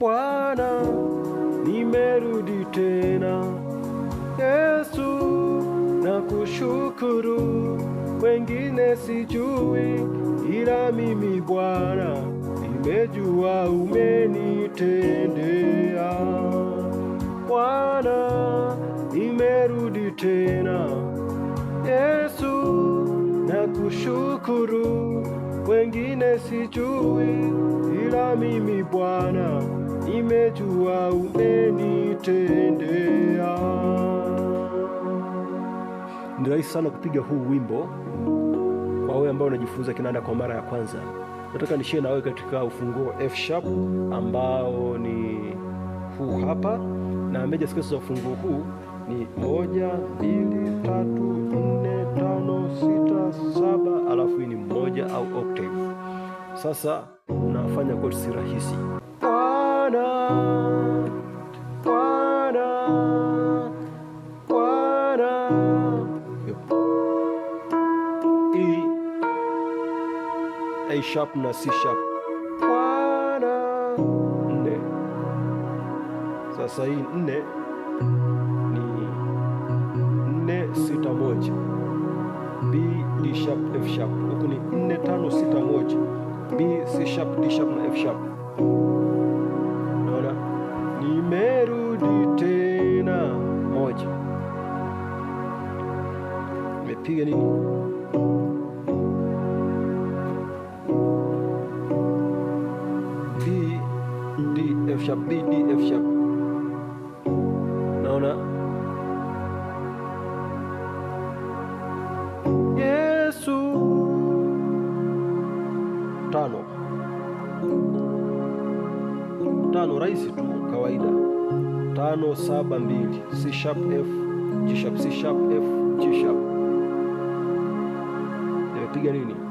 Bwana, nimerudi tena. Yesu, nakushukuru, wengine sijui, ila mimi Bwana nimejua umenitendea. Bwana, nimerudi tena. Yesu, nakushukuru, wengine sijui, ila mimi Bwana nimejua umenitendea. Ni rahisi sana kupiga huu wimbo kwa wewe ambao unajifunza kinanda kwa mara ya kwanza. Nataka nishie na wewe katika ufunguo F sharp ambao ni huu hapa, na meja scales za ufunguo huu ni moja, mbili, tatu, nne, tano, sita, saba, alafu hii ni moja au octave. Sasa unafanya chords rahisi. sharp na C sharp wana nne. Sasa hii nne ni nne sita moja B D sharp F sharp, huku ni nne tano sita moja B C sharp D sharp na F sharp. Naona nimerudi tena moja, nimepiga nini sharp B, D, F sharp. Naona Yesu tano tano, rahisi tu, kawaida. Tano saba mbili, C sharp F, G sharp C sharp F G sharp. Nimepiga nini?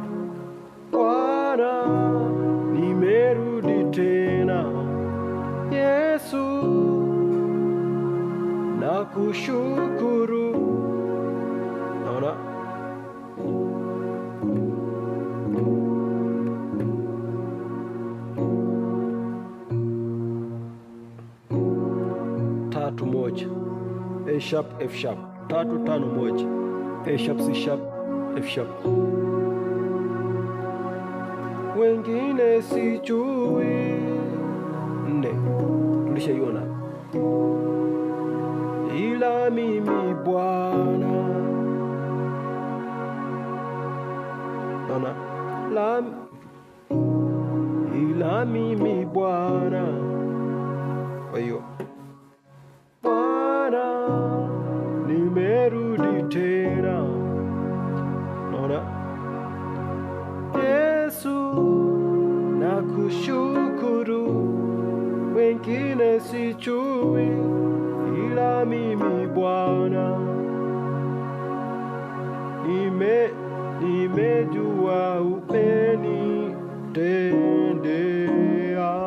Nakushukuru. Naona tatu moja, A sharp F sharp, tatu tano moja, A sharp C sharp F sharp. Wengine sijui nne, tulishaiona ila mimi Bwana. Naona la, ila mimi Bwana. Kwa hiyo Bwana, nimerudi tena. Naona Yesu, nakushukuru, wengine sichui mimi Bwana nime nimejua umenitendea.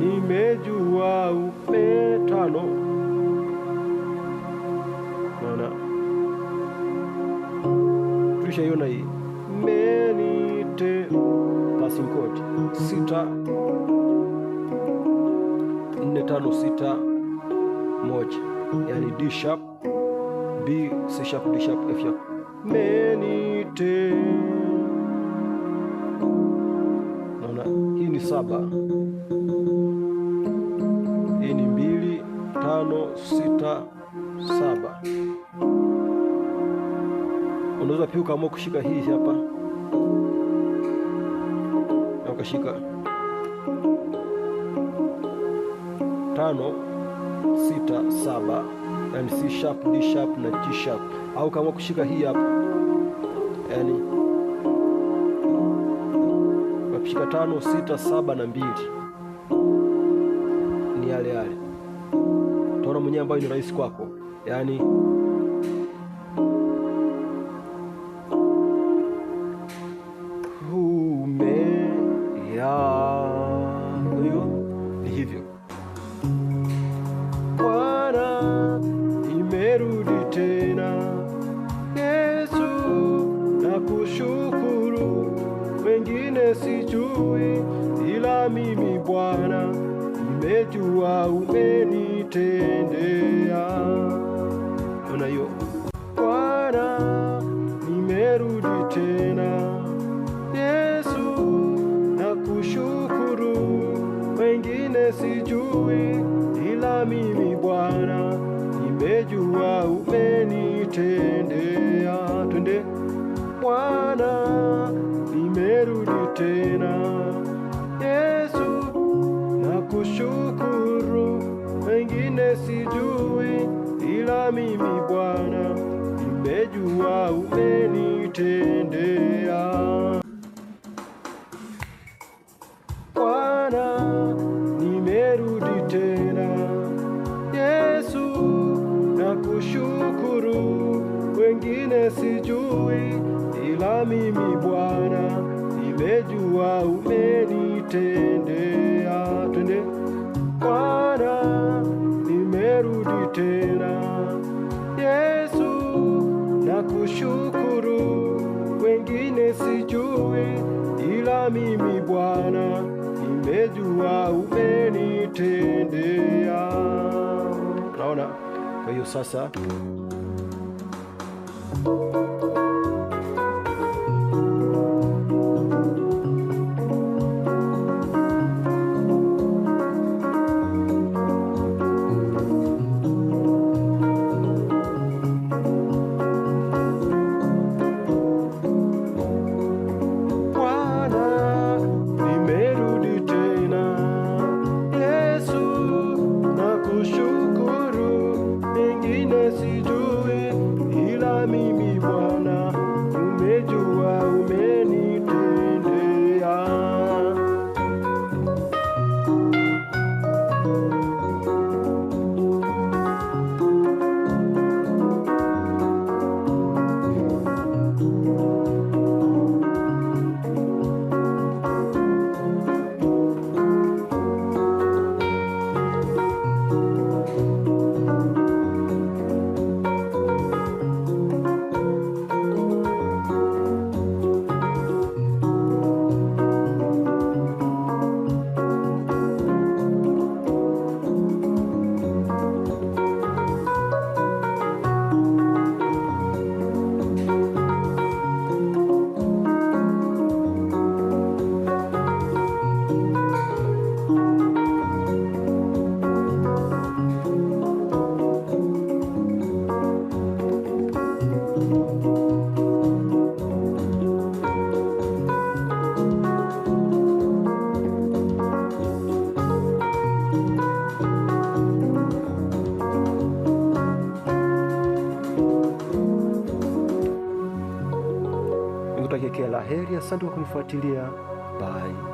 Nimejua upe tano nana tulisha hii menitendea PIN code sita nne tano sita moja, yani D sharp B C sharp D sharp F sharp menite. Naona hii ni saba, hii ni mbili tano sita saba. Unaweza pia ukaamua kushika hii hapa akashika tano sita saba, yani C sharp, D sharp na G sharp, au kama kushika hii hapa, yani kushika tano sita saba na mbili ni yale yale, taona mwenyewe ambayo ni rahisi kwako yani tena. Yesu nakushukuru, wengine sijui, ila mimi Bwana nimejua umenitendea. Twende Bwana, nimerudi tena. Yesu nakushukuru, wengine sijui, ila mimi Bwana nimejua umenitendea. Mengine sijui, ila mimi Bwana nimejua umenitendea. Twende Bwana, nimerudi tena. Yesu nakushukuru, wengine sijui, ila mimi Bwana nimejua umenitendea. Naona kwa hiyo sasa thank you Asante kwa kunifuatilia. Bye.